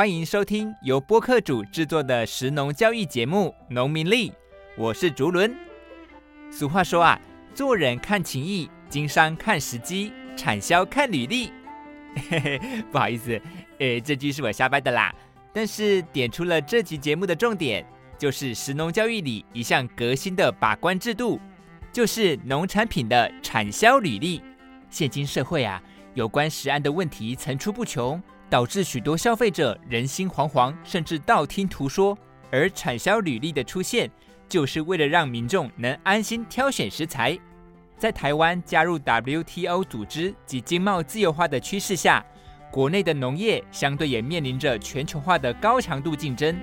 歡迎收聽由播客煮製作的食農教育節目《農民曆》，我是竹輪。俗話說啊，做人看情義，經商看時機，產銷看履歷。嘿嘿，不好意思，誒、呃，這句是我瞎掰的啦。但是點出了這集節目的重點，就是食農教育裡一項革新的把關制度，就是農產品的產銷履歷。現今社會啊，有關食安的問題層出不窮。導致許多消費者人心惶惶，甚至道聽途說。而產銷履歷的出現，就是為了讓民眾能安心挑選食材。在台灣加入 WTO 組織及經貿自由化的趨勢下，國內的農業相對也面臨着全球化的高強度競爭。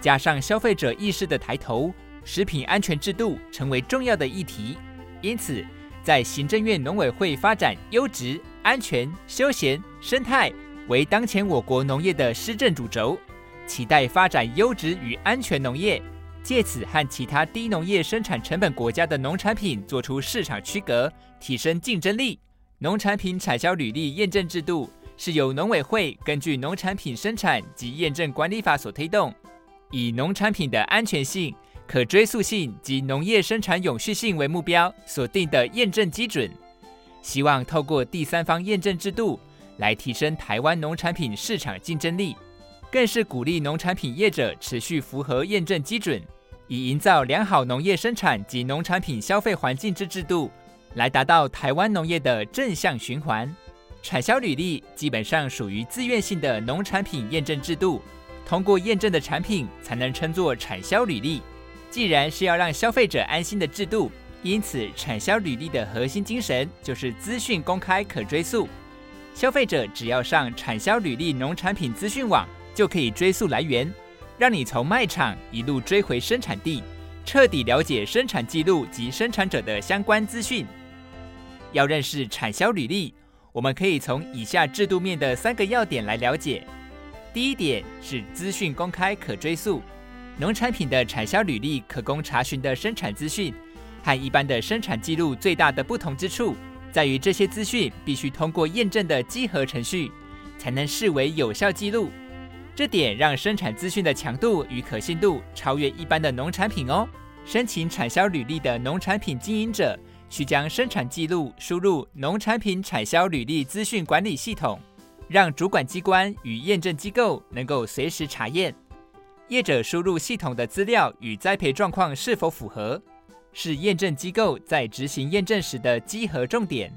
加上消費者意識的抬頭，食品安全制度成為重要的議題。因此，在行政院農委會發展優質、安全、休閒、生態。為當前我國農業的施政主軸，期待發展優質與安全農業，借此和其他低農業生產成本國家的農產品做出市場區隔，提升競爭力。農產品產銷履歷驗證制度是由農委會根據《農產品生產及驗證管理法》所推動，以農產品的安全性、可追溯性及農業生產永續性為目標所定的驗證基準，希望透過第三方驗證制度。來提升台灣農產品市場競爭力，更是鼓勵農產品業者持續符合驗證基準，以營造良好農業生產及農產品消費環境之制度，來達到台灣農業的正向循環。產銷履歷基本上屬於自願性的農產品驗證制度，通過驗證的產品才能稱作產銷履歷。既然是要讓消費者安心的制度，因此產銷履歷的核心精神就是資訊公開、可追溯。消費者只要上產銷履歷農產品資訊網，就可以追溯來源，讓你從賣場一路追回生產地，徹底了解生產記錄及生產者的相關資訊。要認識產銷履歷，我們可以從以下制度面的三個要點來了解。第一點是資訊公開可追溯，農產品的產銷履歷可供查詢的生產資訊，和一般的生產記錄最大的不同之處在於這些資訊必須通過驗證的稽核程序，才能視為有效記錄。這點讓生產資訊的強度與可信度超越一般的農產品哦。申請產銷履歷的農產品經營者，需將生產記錄輸入農產品產銷履歷資訊管理系統，讓主管機關與驗證機構能夠隨時查驗業者輸入系統的資料與栽培狀況是否符合，是驗證機構在執行驗證時的稽核重點。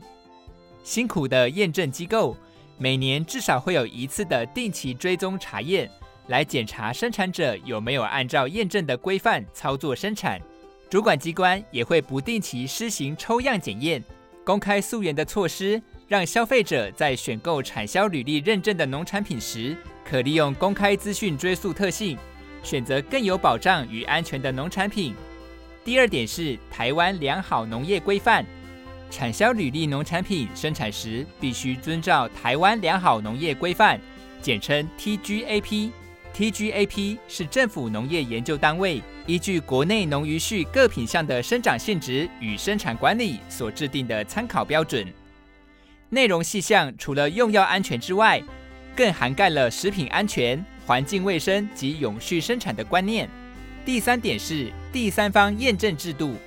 辛苦的驗證機構每年至少會有一次的定期追蹤查驗，來檢查生產者有沒有按照驗證的規範操作生產。主管機關也會不定期施行抽樣檢驗、公開溯源的措施，讓消費者在選購產銷履歷認證的農產品時，可利用公開資訊追溯特性，選擇更有保障與安全的農產品。第二點是台灣良好農業規範，產銷履歷農產品生產時必須遵照台灣良好農業規範，簡稱 TGAP。TGAP 是政府農業研究單位依據國內農漁畜各品項的生長性質與生產管理所制定的參考標準。內容細項除了用藥安全之外，更涵蓋了食品安全、環境衛生及永續生產的觀念。第三點是第三方驗證制度，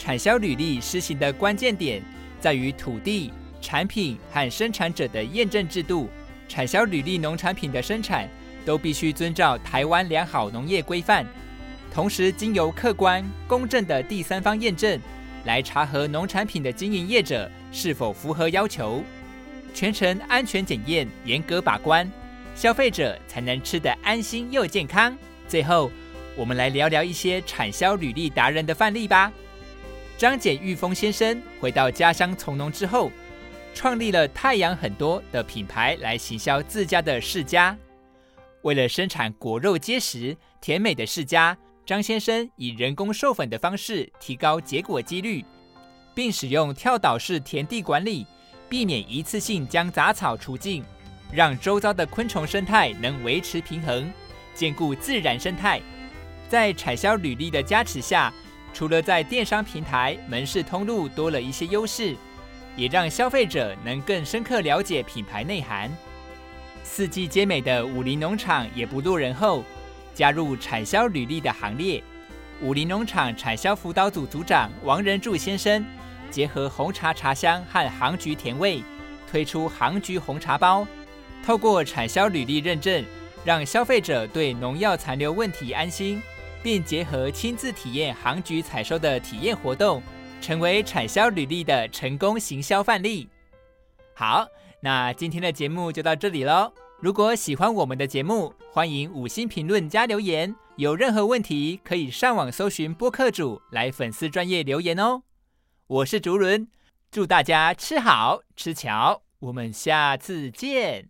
產銷履歷實行的關鍵點在於土地、產品和生產者的驗證制度。產銷履歷農產品的生產都必須遵照台灣良好農業規範，同時經由客觀公正的第三方驗證，來查核農產品的經營業者是否符合要求，全程安全檢驗嚴格把關，消費者才能吃得安心又健康。最後。我們來聊聊一些產銷履歷達人的範例吧。張簡玉峰先生回到家鄉從農之後，創立了“太陽很多”的品牌來行銷自家的釋迦。為了生產果肉結實、甜美的釋迦，張先生以人工授粉的方式提高結果幾率，並使用跳島式田地管理，避免一次性將雜草除盡，讓周遭的昆蟲生態能維持平衡，兼顧自然生態。在產銷履歷的加持下，除了在電商平台、門市通路多了一些優勢，也讓消費者能更深刻了解品牌內涵。四季皆美的武陵農場也不落人後，加入產銷履歷的行列。武陵農場產銷輔導組組長王仁柱先生結合紅茶茶香和杭菊甜味，推出杭菊紅茶包，透過產銷履歷認證，讓消費者對農藥殘留問題安心。並結合親自體驗杭菊採收的體驗活動，成為產銷履歷的成功行銷範例。好，那今天的節目就到這裡嘍。如果喜歡我們的節目，歡迎五星評論加留言。有任何問題，可以上網搜尋播客煮來粉絲專頁留言哦。我是竹倫，祝大家吃好吃巧，我們下次見。